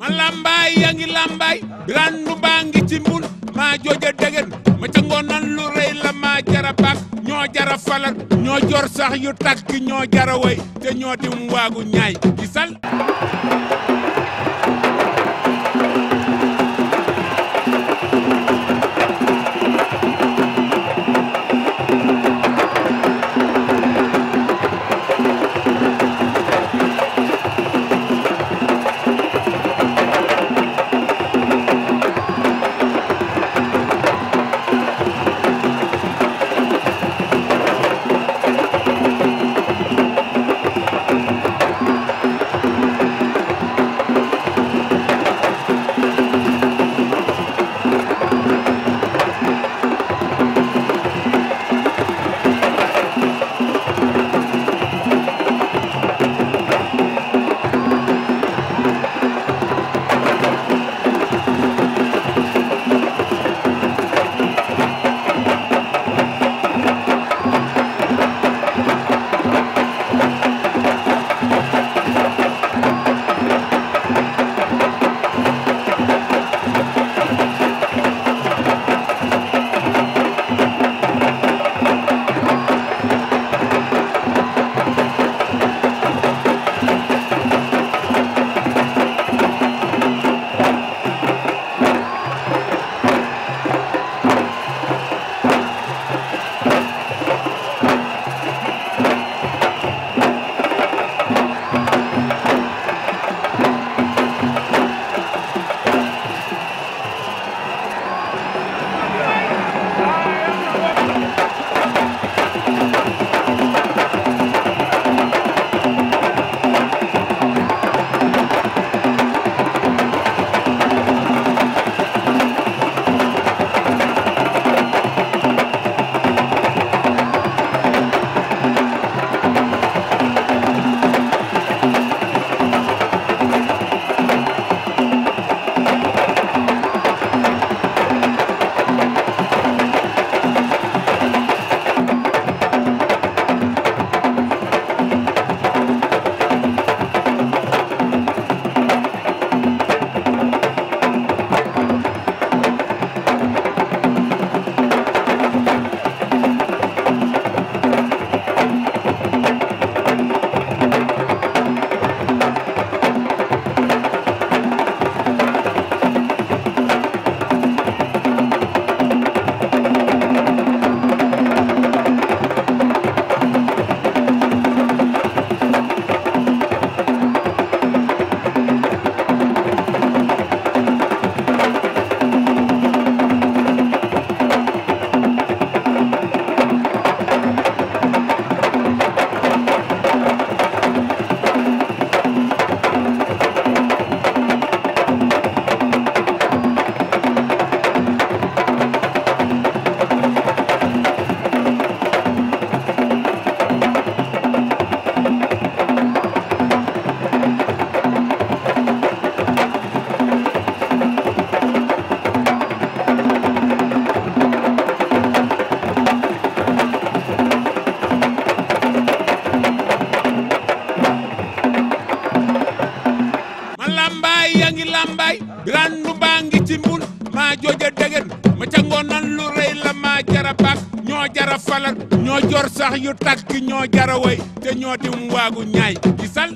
ma làmbaay yaa ngi làmbaay randu baa ngi ci mbul maa a degen ma ca ngoonan lu rëy la maa jara bak ñoo jara falat ñoo jor sax yu takk ñoo jara way te ñoo dim waagu ñaay gisal lambay randu baa ngi ci mul maa joja degen ma ca ngoonan lu rëy la maa jara baak ñoo jara falal ñoo jor sax yu takk ñoo jara way te ñoo dim waagu ñaay gisal